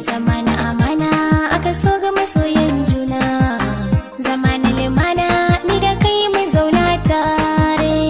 zama amana aka so ga masoyan juna Zamanin limana ni da kai mu zauna tare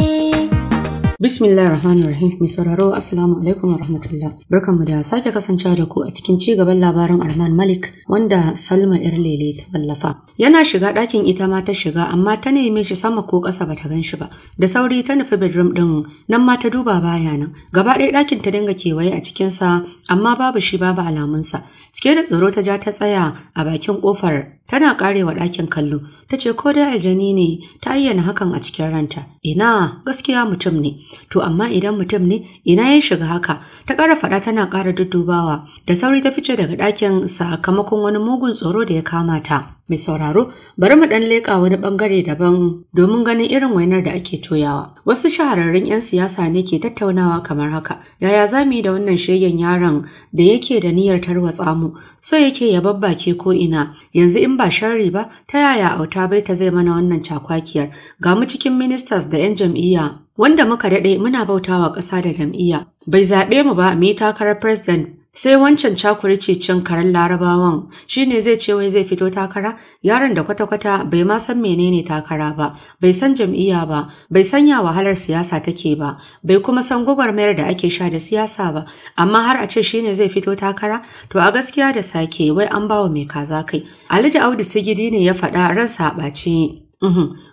bismillah rahman rahim mai sauraro assalamu alaikum rahmatullah mu da sake kasancewa da ku a cikin ci gaban labarin arman malik wanda salma yar lele ta wallafa yana shiga ɗakin ita ma ta shiga amma ta neme shi sama ko ƙasa bata gan shi ba da sauri ta nufi bedroom ɗin nan ma ta duba bayanan. gaba ɗaya ɗakin ta dinga kewaye a cikinsa amma babu shi babu alamunsa Cike da tsoro ta ja ta tsaya a bakin kofar Tana karewa ɗakin kallo, ta ce ko dai aljani ne ta ayyana hakan a cikin ranta. Ina gaskiya mutum ne, to amma idan mutum ne ina ya shiga haka. Ta ƙara faɗa tana ƙara dudubawa da sauri ta fice daga ɗakin sakamakon wani mugun tsoro da ya kama ta. Mai sauraro, bari mu ɗan leƙa wani ɓangare daban domin ganin irin wainar da ake toyawa. Wasu shahararrun 'yan siyasa ne ke tattaunawa kamar haka. Yaya za mu yi da wannan shegen yaron da yake da niyyar tarwatsa mu? So yake ya babbake ko ina. Yanzu in ba sharri ba ta yaya auta bai ta zai mana wannan cakwakiyar ga mu cikin ministers da 'yan jam'iyya wanda muka daɗe muna bautawa ƙasa da jam'iyya bai zaɓe mu ba mu yi takarar president sai wancan cin karen larabawan shi ne zai ce wai zai fito takara yaron da kwata-kwata bai ma san menene takara ba bai san jam'iyya ba bai sanya wahalar siyasa take ba bai kuma san gwagwarmayar da ake sha da siyasa ba amma har a ce shine zai fito takara to a gaskiya da sake wai an bawa mai kaza kai alhaji audu sigidi ne ya faɗa ransa a ɓace.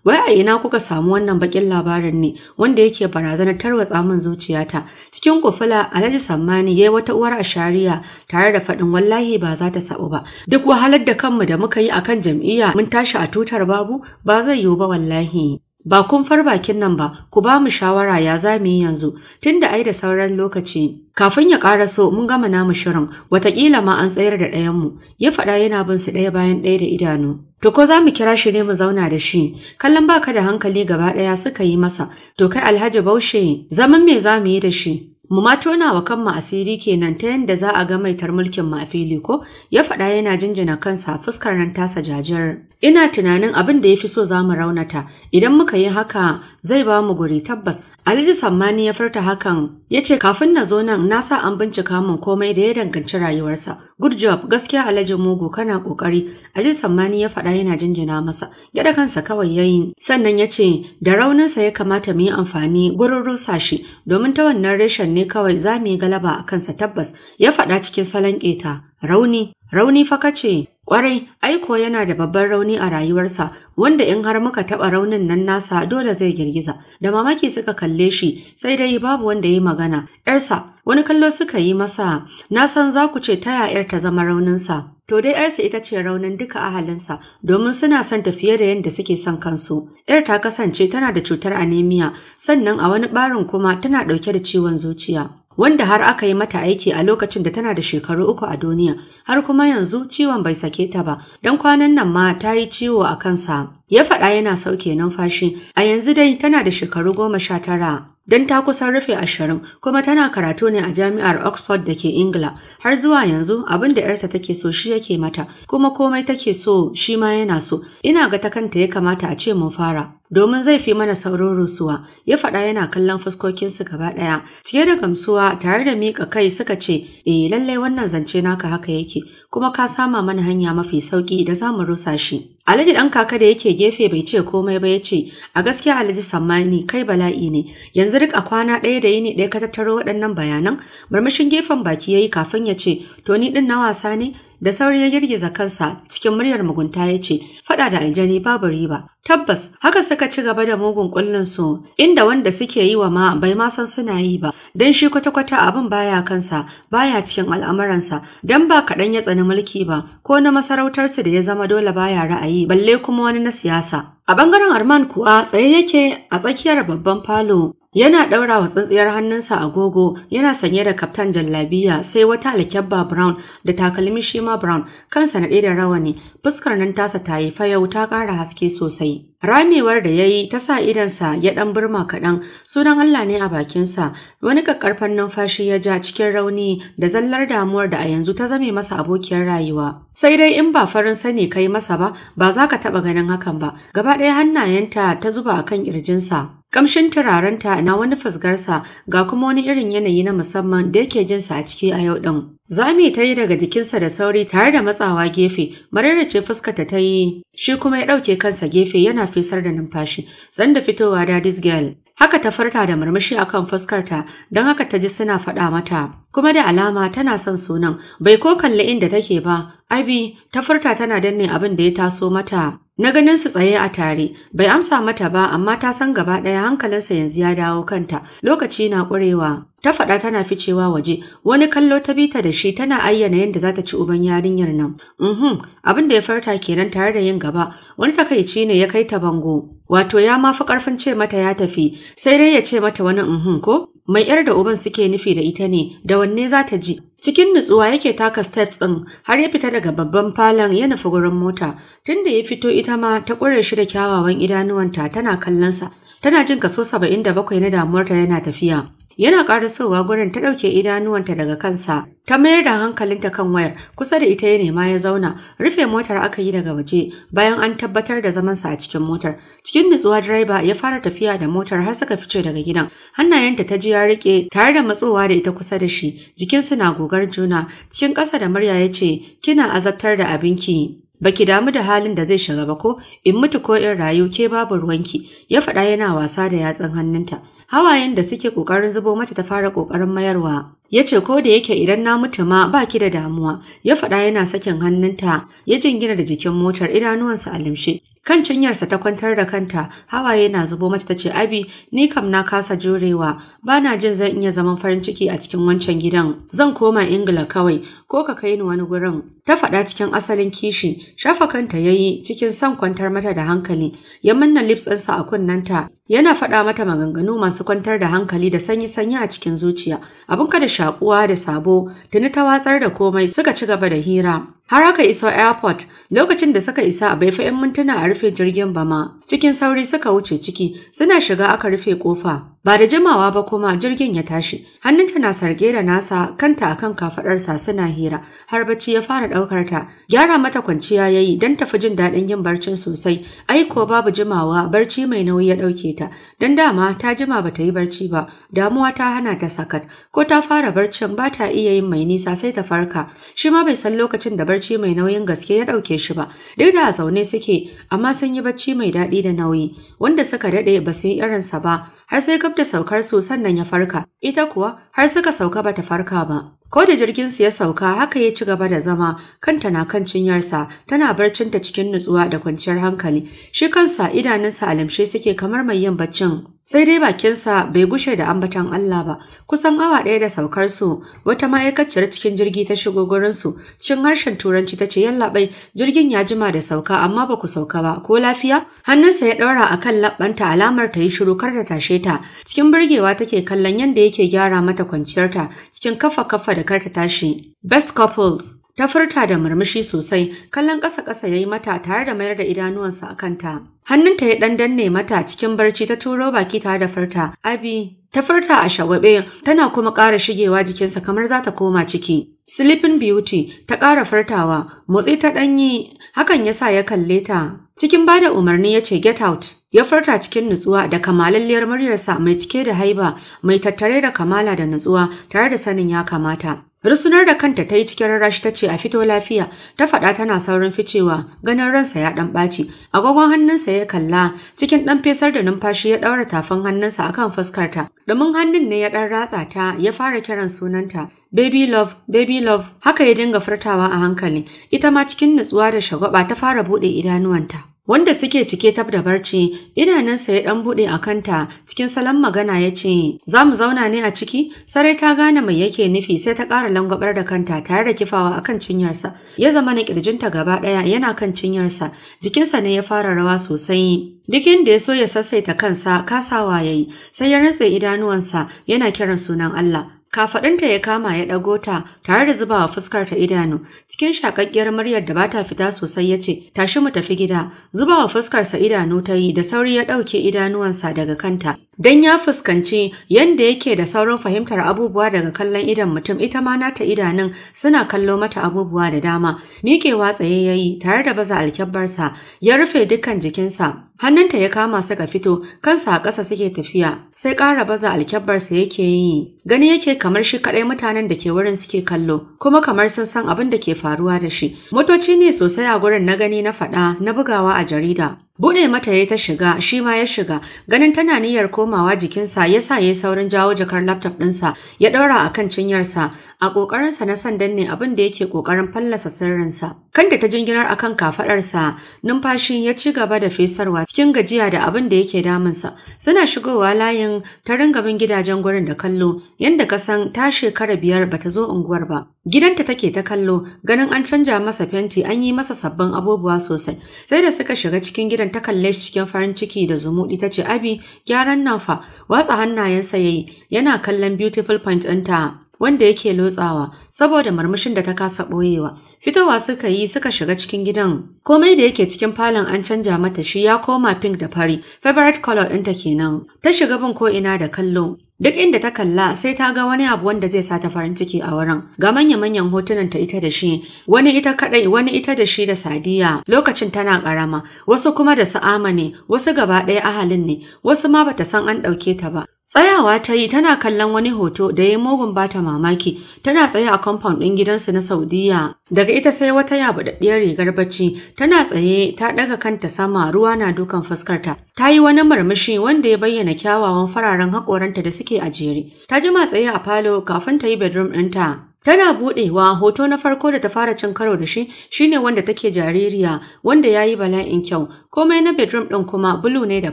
Wai a ina kuka samu wannan bakin labarin ne wanda yake barazanar tarwatsa min zuciyata. Cikin kufula Alhaji Sammani yayi wata uwar a shari'a tare da faɗin wallahi ba za ta sabu ba. Duk wahalar da kanmu da muka yi akan jam'iyya mun tashi a tutar babu ba zai yiwu ba wallahi. Ba kun far bakin nan ba, ku ba mu shawara ya za mu yi yanzu, tunda ai da sauran lokaci. Kafin ya so, mun gama namu shirin, wataƙila ma an tsayar da ɗayanmu, ya faɗa yana bin su ɗaya bayan ɗaya da idanu. To ko za mu kira shi ne mu zauna da shi, kallon baka da hankali gaba ɗaya suka yi masa, to kai Alhaji Baushe, zaman me za mu yi da shi? Mu ma tona wa kanmu asiri kenan ta yadda za a ga maitar mulkin ma fili ko ya faɗa yana jinjina kansa fuskar nan tasa jajir. Ina tunanin abin da ya fi so za mu raunata idan muka yi haka zai ba mu guri tabbas Alhaji Sammani ya furta hakan ya ce kafin na zo nan na sa an bincika mun komai da ya danganci rayuwarsa. Good job gaskiya Alhaji Mugu kana kokari. Alhaji Sammani ya faɗa yana jinjina masa. Gyaɗa kansa kawai yayin sannan ya ce da rauninsa ya kamata mu yi amfani gurin rusa shi domin ta wannan reshen ne kawai za mu yi galaba a kansa tabbas ya faɗa cikin salon ƙeta. Rauni, rauni fa kace Kwarai, aiko yana da babban rauni a rayuwarsa, wanda in har muka taɓa raunin nan nasa dole zai girgiza. Da mamaki suka kalle shi, sai dai babu wanda ya magana. ‘Yarsa, wani kallo suka yi masa, na san za ku ce ta ‘yar ta zama rauninsa. To dai ‘yarsa ita ce raunin duka ahalinsa, domin suna son tafiye fiye da yadda suke son kansu. ‘Yar ta kasance tana da cutar anemia, sannan a wani ɓarin kuma tana ɗauke da ciwon zuciya. wanda har aka yi mata aiki a lokacin da tana da shekaru uku a duniya har kuma yanzu ciwon bai sake ta ba don kwanan nan ma ta yi ciwo a kansa ya faɗa yana sauke numfashi a yanzu dai tana da shekaru goma sha tara don ta kusan rufe ashirin kuma tana karatu ne a jami'ar Oxford da ke Ingila. Har zuwa yanzu abin da ‘yarsa take so shi yake mata, kuma komai take so shi ma yana so. Ina ga ta kanta ya kamata a ce mun fara. Domin zai fi mana saurin rusuwa, ya faɗa yana kallon fuskokinsu gaba ɗaya. Cike da gamsuwa tare da miƙa kai suka ce, "Eh lallai wannan zance naka haka yake." kuma ka sama mana hanya mafi sauki da za mu rusa shi. Alhaji ɗan kaka da yake gefe bai ce komai ba ya ce, a gaskiya Alhaji Sammani kai bala'i ne, yanzu rika kwana ɗaya da yini ɗaya ka tattaro waɗannan bayanan, murmushin gefen baki ya yi kafin ya ce, to ni ɗin na wasa ne, da sauri ya girgiza kansa cikin muryar mugunta ya ce faɗa da aljani babu riba tabbas haka suka ci gaba da mugun kullun su inda wanda suke yi wa ma bai ma san suna yi ba dan shi kwata-kwata abin baya kansa baya cikin al'amuransa dan ba kaɗan ya tsani mulki ba ko na masarautarsu da ya zama dole baya ra'ayi balle kuma wani na siyasa A ɓangaren Arman kuwa tsaye yake a tsakiyar babban falo Yana ɗaura wa tsintsiyar hannunsa agogo, yana sanye da kaftan jallabiya sai wata alkyabba brown da takalmi shi ma brown, kansa na da rawani, fuskar nan tasa ta yi fayau ta ƙara haske sosai. Ramewar da ya yi ta sa idansa ya ɗan burma kaɗan, sunan Allah ne a bakinsa, wani ƙaƙƙarfan numfashi ya ja cikin rauni da zallar damuwar da a yanzu ta zame masa abokiyar rayuwa. Sai dai in ba farin sani kai masa ba, ba za ka taɓa ganin hakan ba, gaba ɗaya hannayenta ta zuba a kan ƙirjinsa. Kamshin turarenta na wani fasgarsa ga kuma wani irin yanayi na musamman da yake jinsa a ciki a yau ɗin. Zami ta yi daga jikinsa da sauri tare da matsawa gefe, Marara ce ta yi, shi kuma ya ɗauke kansa gefe yana fesar da numfashi, da fitowa this Girl. Haka ta farta da murmushi akan fuskarta, don haka ta ji suna faɗa mata. Kuma da alama tana son sunan, bai ko kalli inda take ba, Abi ta furta tana danne abin da ya taso mata. Na ganin su tsaye a tare, bai amsa mata ba amma ta san gaba ɗaya hankalinsa yanzu ya dawo kanta, lokaci na ƙurewa. Ta faɗa tana ficewa waje, wani kallo ta bita da shi tana ayyana yadda za ta ci uban yarinyar nan. Mhm, abin da ya farta kenan tare da yin gaba, wani takaici ne ya kai ta bango. Wato ya ma fi ƙarfin ce mata ya tafi, sai dai ya ce mata wani mhm ko? mai ‘yar da uban suke nufi da ita ne da wanne za ta ji. Cikin nutsuwa yake taka steps ɗin har ya fita daga babban falon ya nufi gurin mota. Tunda ya fito ita ma ta ƙure shi da kyawawan idanuwanta tana kallonsa. Tana jin kaso saba'in da bakwai na damuwarta yana tafiya. Yana ƙarasowa gurin ta ɗauke idanuwanta daga kansa, ta mayar da hankalinta kan wayar, kusa da ita ya nema ya zauna, rufe motar aka yi daga waje bayan an tabbatar da zamansa a cikin motar. Cikin nutsuwa direba ya fara tafiya da motar har suka fice daga gidan. Hannayenta ta ji ya riƙe tare da matsowa da ita kusa da shi, jikinsu na gogar juna, cikin ƙasa da murya ya ce, Kina azabtar da abinki. Baki damu da halin da zai shiga ba ko in mutu ko in rayu ke babu ruwanki, ya faɗa yana wasa da yatsun hannunta. hawayen da suke ƙoƙarin zubo mata ta fara ƙoƙarin mayarwa. Ya ce ko da yake idan na mutu ma ba ki da damuwa, ya faɗa yana sakin hannunta, ya jingina da jikin motar idanuwansa a limshe. Kan cinyarsa ta kwantar da kanta, hawaye na zubo mata ta ce, Abi, ni kam na kasa jurewa, ba na jin zan iya zaman farin ciki a cikin wancan gidan. Zan koma Ingila kawai, ko ka kai ni wani gurin. Ta faɗa cikin asalin kishi, shafa kanta ya yi cikin son kwantar mata da hankali, ya manna lips ɗinsa a kunnanta, yana faɗa mata maganganu masu kwantar da hankali da sanyi-sanyi a cikin zuciya. Abinka da shakuwa da sabo, tuni ta watsar da komai suka ci gaba da hira. Har aka iso airport lokacin da suka isa bai baifa 'yan mintuna a rufe jirgin ba ma cikin sauri suka wuce ciki suna shiga aka rufe ƙofa. Ba da jimawa ba kuma jirgin ya tashi, hannunta na sarge da nasa kanta akan kafaɗarsa suna hira, har bacci ya fara ɗaukar ta, gyara mata kwanciya yayi dan don tafi jin daɗin yin barcin sosai, ai ko babu jimawa barci mai nauyi ya ɗauke ta, dan dama ta jima ba ta yi barci ba, damuwa ta hana ta sakat, ko ta fara barcin ba ta iya yin mai nisa sai ta farka, shi ma bai san lokacin da barci mai nauyin gaske ya ɗauke shi ba, duk da zaune suke, amma sun yi barci mai daɗi da nauyi, wanda suka dade, ba su yi irinsa ba, har sai gab da saukar su sannan ya farka, ita kuwa har suka sauka bata farka ba. Ko da jirgin su ya sauka haka ya ci gaba da zama kanta na kan cinyarsa tana barcinta cikin nutsuwa da kwanciyar hankali, shi kansa idanunsa alamshe suke kamar mai yin baccin sai dai bakinsa bai gushe da ambatan Allah ba kusan awa ɗaya da saukar su wata ma'aikaciyar cikin jirgi ta shigo gurin su cikin harshen turanci ta ce yallaɓai jirgin ya jima da sauka amma ba ku sauka ba ko lafiya hannunsa ya ɗaura a kan labbanta alamar ta yi shiru kar ta tashe ta cikin burgewa take kallon yadda yake gyara mata kwanciyarta cikin kafa kafa da kar ta tashi best couples ta furta da murmushi sosai kallon ƙasa ƙasa ya yi mata tare da mayar da idanuwansa a kanta Hannunta ya dan danne mata cikin barci ta turo baki tare da furta. Abi ta furta a shawabe tana kuma ƙara shigewa jikinsa kamar za ta koma ciki. Sleeping Beauty ta ƙara furtawa, motsi ta ɗanyi hakan ya sa ya kalle ta. Cikin bada umarni ya ce get out. Ya furta cikin nutsuwa da kamalalliyar muryarsa mai cike da haiba, mai tattare da kamala da nutsuwa tare da sanin ya kamata. Rusunar da kanta ta yi cikin rarashi ta ce a fito lafiya, ta faɗa tana saurin ficewa ganin ransa ya ɗan ɓaci. Agogon hannunsa ya kalla cikin ɗan fesar da numfashi ya ɗaura tafin hannunsa a akan fuskarta. Domin hannun ne ya ɗan ratsa ta ya fara kiran sunanta. Baby love, baby love, haka ya dinga furtawa a hankali, ita ma cikin nutsuwa da shagwaba ta fara buɗe idanuwanta. wanda suke cike tab da barci idanunsa ya dan bude a kanta cikin salon magana ya ce za mu zauna ne a ciki sarai ta gane mai yake nufi sai ta ƙara langwabar da kanta tare da kifawa a kan cinyarsa ya zama na ƙirjinta gaba ɗaya yana kan cinyarsa jikinsa ne ya fara rawa sosai duk inda ya so ya sassaita kansa kasawa ya yi sai ya rantse idanuwansa yana kiran sunan Allah Kafaɗinta ya kama ya ɗago ta tare da zubawa fuskar ta idanu. Cikin shakakkiyar muryar da bata fita sosai ya ce, "Tashi mu tafi gida." zuba Zubawa fuskarsa idanu ta yi da sauri ya ɗauke idanuwansa daga kanta. don ya fuskanci yadda yake da saurin fahimtar abubuwa daga kallon idan mutum ita ma nata idanun suna kallo mata abubuwa da dama miƙewa tsaye ya yi tare da baza alkyabbarsa ya rufe dukkan jikinsa hannunta ya kama suka fito kansa a ƙasa suke tafiya sai ƙara baza alkyabbarsa yake yi gani yake kamar shi kaɗai mutanen da ke wurin suke kallo kuma kamar sun san abin da ke faruwa da shi motoci ne sosai a gurin na gani na faɗa na bugawa a jarida Bude mata ya ta shiga, shi ma ya shiga, ganin tana niyyar komawa jikinsa ya sa ya saurin jawo jakar laptop ɗinsa ya ɗaura a kan cinyarsa a ƙoƙarinsa na san danne abin da yake ƙoƙarin fallasa sirrinsa. Kanta ta jinginar kan kafaɗarsa, numfashi ya ci gaba da fesarwa cikin gajiya da abin da yake damunsa. Suna shigowa layin ta ringa bin gidajen gurin da kallo, yadda ka san ta shekara biyar bata zo unguwar ba. Gidanta take ta kallo, ganin an canja masa fenti an yi masa sabbin abubuwa sosai. Sai da suka shiga cikin gidan ta kalle shi cikin farin ciki da zumuɗi ta ce Abi gyaran nan fa watsa hannayensa yayi yana kallon beautiful point ɗinta wanda yake lotsawa saboda murmushin da ta kasa boyewa Fitowa suka yi suka shiga cikin gidan. Komai da yake cikin falon an canja mata shi ya koma pink da fari, favorite color ɗinta kenan. Ta shiga bin ko ina da kallo. Duk inda ta kalla sai ta ga wani abu wanda zai sa ta farin ciki a wurin. Ga manya-manyan hotunan ta ita da shi, wani ita kadai, wani ita da shi da Sadiya. Lokacin tana karama, wasu kuma da su amane wasu gaba ɗaya ahalin ne, wasu ma bata san an ɗauke ta ba. Tsayawa ta yi tana kallon wani hoto da ya mugun bata mamaki, tana tsaye a compound ɗin gidansu na Saudiya. Daga ita sai wata yabuɗaɗɗiyar rigar bacci, tana tsaye ta ɗaga kanta sama ruwa na dukan fuskarta. Ta yi wani murmushi wanda ya bayyana kyawawan fararen haƙoranta da suke a jere. Ta jima tsaye a falo kafin ta yi bedroom ɗinta. Tana buɗewa hoto na farko da ta fara cin karo da shi shine wanda take jaririya wanda yayi bala'in kyau komai na bedroom ɗin kuma bulu ne da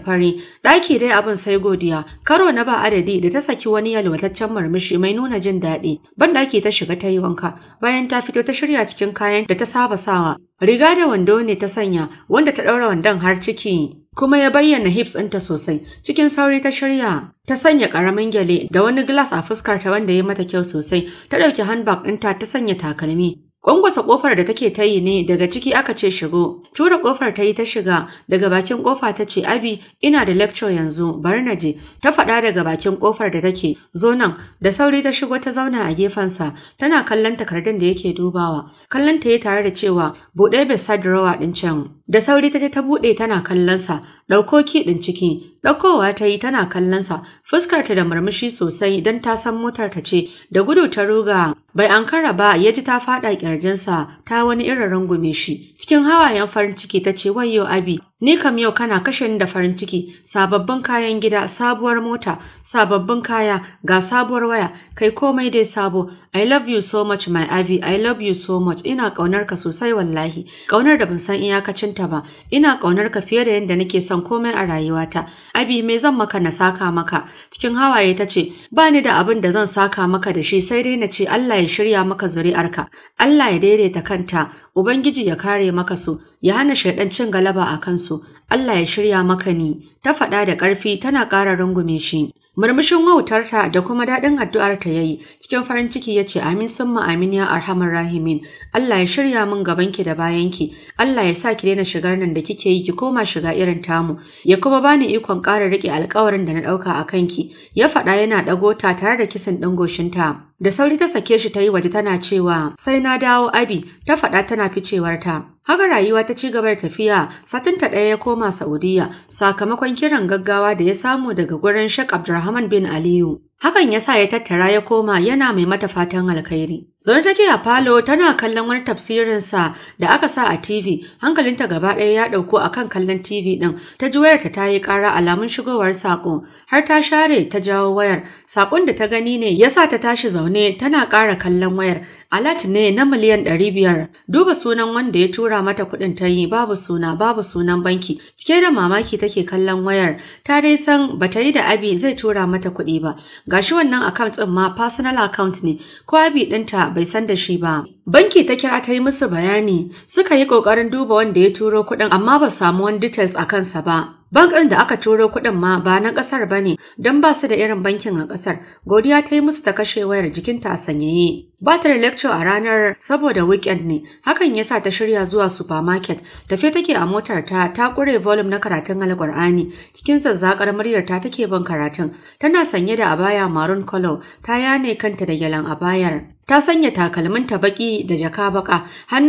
fari ɗaki dai abin sai godiya karo na ba adadi da ta saki wani yalwataccen murmushi mai nuna jin daɗi ban ɗaki ta shiga ta yi wanka bayan ta fito ta shirya cikin kayan da ta saba sawa riga da wando ne ta sanya wanda ta ɗaura wandon har ciki kuma ya bayyana hips ɗinta sosai cikin sauri ta shirya ta sanya ƙaramin gyale da wani glass a fuskarta wanda ya mata kyau sosai ta ɗauki handbag ɗinta ta sanya takalmi Kwangwasa kofar da take ta yi ne daga ciki aka ce shigo. Tura ƙofar ta yi ta shiga daga bakin ƙofa ta ce Abi ina da lecture yanzu bari na je. Ta faɗa daga bakin ƙofar da take zo nan da sauri ta shigo ta zauna a gefensa tana kallon takardun da yake dubawa. Kallon ta yi tare da cewa buɗe bai drawer ɗin can. Da sauri ta je ta buɗe tana kallonsa ɗauko ki ɗin ciki Ɗaukowa ta yi tana kallonsa, fuskarta da murmushi sosai don ta san motar ta ce, da gudu ta ruga. Bai ankara ba ya ji ta faɗa ƙirjinsa ta wani irin rungume shi. Cikin hawayen farin ciki ta ce, wayo abi, ni kam yau kana kashe ni da farin ciki, sababbin kayan gida, sabuwar mota, sababbin kaya, ga sabuwar waya, kai komai dai sabo. I love you so much my Abi. I love you so much. Ina ƙaunar ka sosai wallahi. Ƙaunar da ban san iyakacinta ba. Ina ƙaunar ka fiye da yadda nake son komai a rayuwata. Abi me zan maka na saka maka cikin hawaye ta ce ba ni da abin da zan saka maka da shi sai dai na ce Allah ya shirya maka zuri'arka Allah ya daidaita kanta Ubangiji ya kare maka su ya hana shaidan cin galaba a kansu Allah ya shirya maka ni ta faɗa da ƙarfi tana ƙara rungume shi Murmushin wautarta da kuma daɗin addu'arta ya yi, cikin farin ciki ya ce, Amin summa amin ya arhamar rahimin, Allah ya shirya min gabanki da bayanki, Allah ya sa ki daina shigar nan da kike yi ki koma shiga irin tamu, ya kuma bani ikon ƙara riƙe alƙawarin da na ɗauka a kanki, ya faɗa yana ɗago ta tare da kisan ɗin goshinta. Da sauri ta sake shi ta yi waje tana cewa sai na dawo abi ta faɗa tana ta. Haka rayuwa ta ci gaba da tafiya, satin ta ɗaya ya koma Saudiya sakamakon kiran gaggawa da ya samu daga gurin Sheikh Abdulrahman bin Aliyu. Hakan ya sa ya tattara ya koma yana mai mata fatan alkhairi. Zaune ta take a falo tana kallon wani tafsirin sa da aka sa a TV, hankalinta gaba ɗaya ya ɗauko a kan kallon TV ɗin, ta ji wayarta ta yi ƙara alamun shigowar saƙo, har ta share ta jawo wayar, saƙon da ta gani ne yasa ta tashi zaune tana ƙara kallon wayar, Alat ne na miliyan ɗari biyar. Duba sunan wanda ya tura mata kuɗin ta yi babu suna babu sunan banki. Cike da mamaki take kallon wayar. Ta dai san bata yi da Abi zai tura mata kuɗi ba. Gashi wannan account ɗin ma personal account ne. Ko Abi ɗinta bai san da shi ba. Banki ta kira ta yi musu bayani. Suka yi ƙoƙarin duba wanda ya turo kuɗin amma ba samu wani details a kansa ba. Bankin da aka turo kuɗin ma ba na ƙasar ba ne don ba su da irin bankin a ƙasar. Godiya ta yi musu ta kashe wayar jikinta a sanyaye. Ba ta da lecture a ranar saboda weekend ne, hakan ya sa ta shirya zuwa supermarket. Tafe take a motar ta ta ƙure volume na karatun Alƙur'ani. Cikin zazzakar muryar ta take bin karatun. Tana sanye da abaya maroon color, ta yane kanta da gyalan abayar. Ta sanya takalminta baki da jaka baka,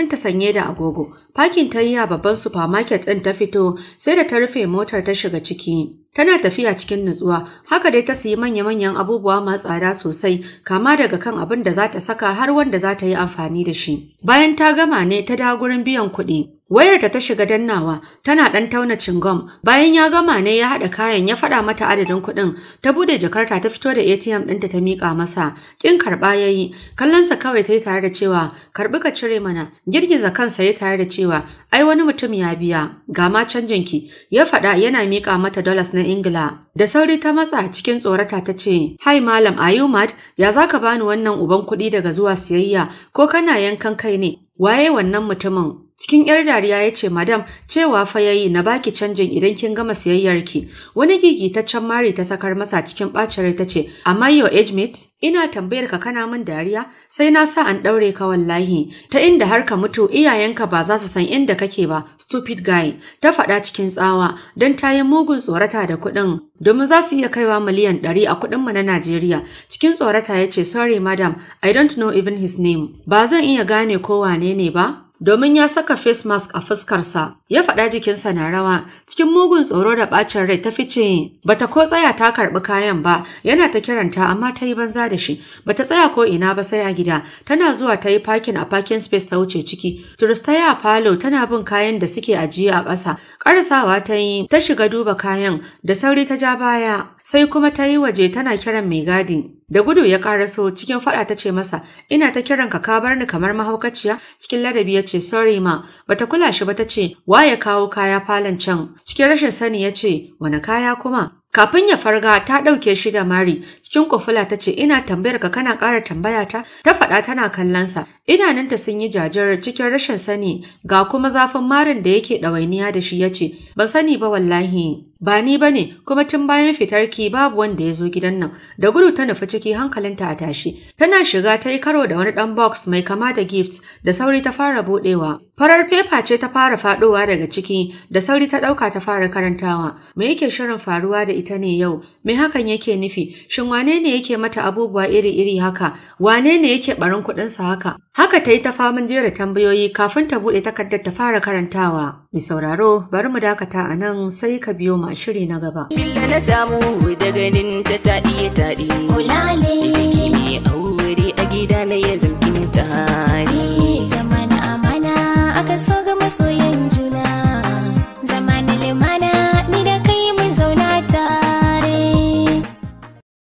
ta sanye da agogo. Pakin ta yi a babban supermarket ɗin ta fito, sai da ta rufe motar ta shiga ciki. Tana tafiya cikin nutsuwa, haka dai ta sayi manya-manyan abubuwa ma tsada sosai, kama daga kan abin da za ta saka har wanda za ta yi amfani da shi. Bayan ta gama ne ta da gurin biyan kuɗi. Wayarta ta shiga dannawa tana ɗan tauna cingom bayan ya gama ne ya haɗa kayan ya faɗa mata adadin kuɗin ta bude jakarta ta fito da ATM ɗinta ta mika masa ƙin karɓa yayi kallon sa kawai ta yi tare da cewa karbi ka cire mana girgiza kansa ya tare da cewa ai wani mutum ya biya ga ma ki, ya faɗa yana mika mata dollars na Ingila da sauri ta matsa cikin tsorata ta ce hai malam ayumat ya zaka bani wannan uban kuɗi daga zuwa siyayya ko kana yankan kai ne waye wannan mutumin Cikin ‘yar dariya ya ce, Madam, cewa fa yayi na baki canjin idan kin gama siyayyar ki. Wani gigitaccen mari ta sakar masa cikin ɓacin rai ta ce, Amma yo age mate, ina tambayar ka kana min dariya, sai na sa an daure ka wallahi, ta inda har ka mutu iyayenka ba za su san inda kake ba, stupid guy, ta faɗa cikin tsawa don ta yi mugun tsorata da kuɗin. Domin za su iya kaiwa miliyan ɗari a kuɗin mu na Najeriya, cikin tsorata ya ce, Sorry madam, I don't know even his name, ba zan iya gane ko wane ne ba, domin ya saka face mask a fuskarsa ya faɗa jikinsa na rawa cikin mugun tsoro da ɓacin rai ta fice bata ko tsaya ta karɓi kayan ba yana ta kiranta amma ta yi banza da shi bata tsaya ko ina ba sai a gida tana zuwa ta yi parking a parking space ta wuce ciki turistaya falo tana bin kayan da suke ajiye a ƙasa Karasawa ta yi ta shiga duba kayan da sauri ta ja baya sai kuma ta yi waje tana kiran mai gadi. Da gudu ya karaso cikin faɗa ta ce masa, ina ta kiran ka ka bar ni kamar mahaukaciya cikin ladabi ya ce sorry ma, bata kula shi ba ta ce wa ya kawo kaya falon can. Cikin rashin sani ya ce wani kaya kuma. Kafin ya farga ta ɗauke shi da mari Cikin kofula ta ce ina tambayar ka kana ƙara tambaya ta? Ta faɗa tana kallon sa. Idanunta sun yi jajar cikin rashin sani ga kuma zafin marin da yake ɗawainiya da shi ya ce ban sani ba wallahi. Ba ni ba ne kuma tun bayan fitar ki, babu wanda ya zo gidan nan da gudu ta nufi ciki hankalinta a tashi. Tana shiga ta yi karo da wani ɗan box mai kama da gift da sauri ta fara buɗewa. Farar fefa ce ta fara faɗowa daga ciki da sauri ta ɗauka ta fara karantawa. Me yake shirin faruwa da ita ne yau? Me hakan yake nufi? Shin wane ne yake mata abubuwa iri-iri haka, wane ne yake barin kuɗinsa haka. Haka ta yi ta faman jera tambayoyi kafin ta buɗe takardar ta fara karantawa. Mi sauraro bari mu dakata a nan sai ka biyo ma shiri na gaba. Billa na samu da ganin ta ta iya taɗi. ne mai aure a gida na ya zamkin tari.